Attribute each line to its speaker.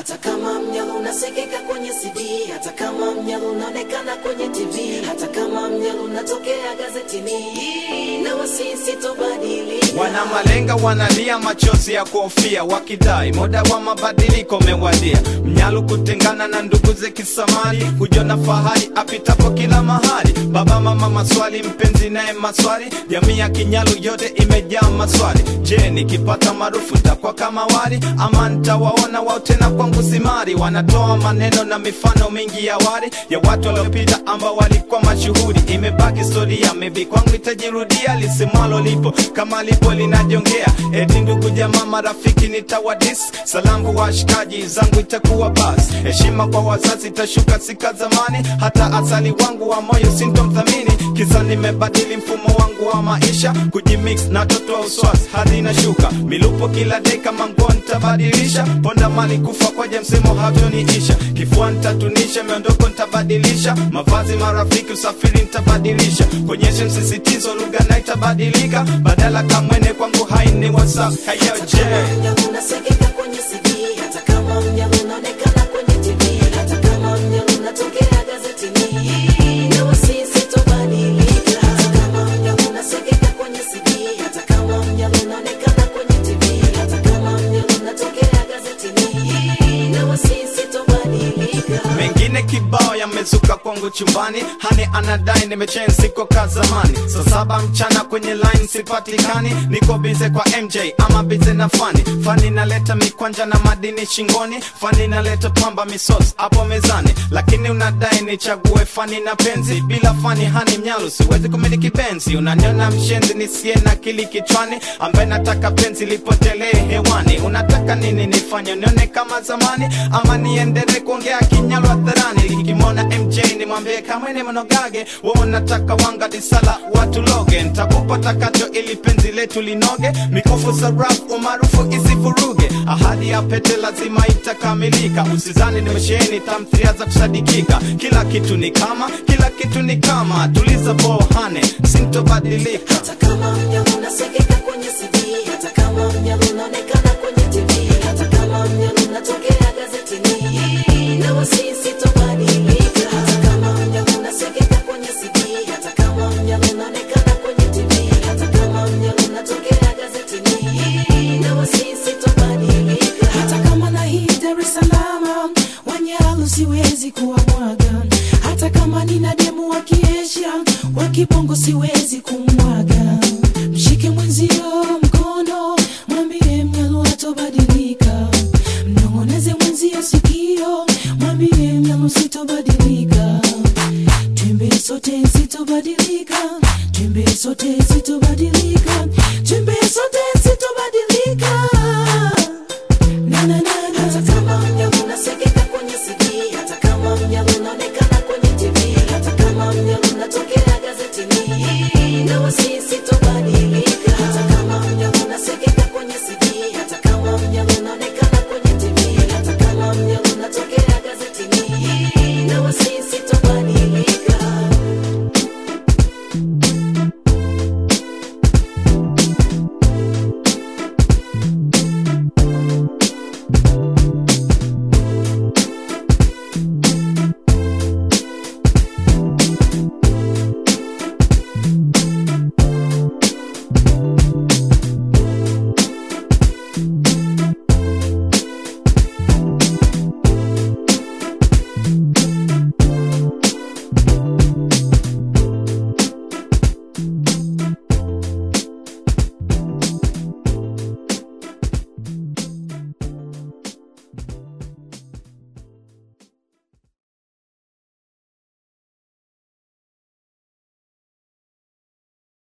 Speaker 1: hata kama mnyalo unasikika kwenye CD, hata kama mnyalo unaonekana kwenye TV, hata kama mnyalo unatokea gazetini, na wasisi tobadili
Speaker 2: Wanamalenga wanalia machozi ya kuofia, wakidai muda wa mabadiliko mewadia. Mnyalu kutengana na ndugu ze kisamali, hujona fahari apitapo kila mahali. Baba mama maswali, mpenzi naye maswali, jamii ya Kinyalu yote imejaa maswali. Je, nikipata maarufu takwa kama wali ama ntawaona wao tena kwa simari? Wanatoa maneno na mifano mingi ya wali ya watu waliopita ambao walikuwa mashuhuri. Imebaki historia, maybe kwangu itajirudia, lisimwalo lipo kama lipo tumbo linajongea, eti ndugu jamaa marafiki nitawadis, salamu washikaji zangu itakuwa bas, heshima kwa wazazi itashuka sika zamani, hata asali wangu wa moyo sintomthamini, kisa nimebadili mfumo wangu wa maisha, kujimix na toto wa uswasi hadi inashuka, milupo kila deka manguo nitabadilisha, ponda mali kufa kwa msemo havyoniisha, kifua nitatunisha, miondoko nitabadilisha, mavazi marafiki, usafiri nitabadilisha, konyeshe msisitizo, lugha na itabadilika, badala kamwene yo, Jay. kibao yamezuka kwangu chumbani, hani anadai nimechange, siko ka zamani. so saba mchana kwenye line sipatikani, niko bize kwa MJ ama bize na fani. Fani naleta mikwanja na madini shingoni, fani naleta pamba misos hapo mezani, lakini unadai nichague fani na penzi. Bila fani hani mnyalu, siwezi kumiliki benzi. Unaniona mshenzi nisiye na kili kichwani, ambaye nataka penzi lipotelee hewani. Unataka nini nifanye, nione kama zamani ama niendelee kuongea kinyalu hadharani? nikimona MJ nimwambie kamwene mnogage wonataka wanga disala watu loge ntakupa takacho ili penzi letu linoge mikofu saraf umaarufu isivuruge ahadi ya pete lazima itakamilika usizani nimesheheni tamthiria za kusadikika kila kitu ni kama kila kitu ni kama tuliza bohane sintobadilika hata kama sikika
Speaker 1: siwezi kuwamwaga, hata kama nina demu wa kiesha wa kibongo siwezi kumwaga. Mshike mwenzio mkono, mwambie mnyalu atobadilika, mnongoneze mwenzio sikio, mwambie mnyalu sitobadilika, twimbe sote sitobadilika, twimbe sote sitobadilika.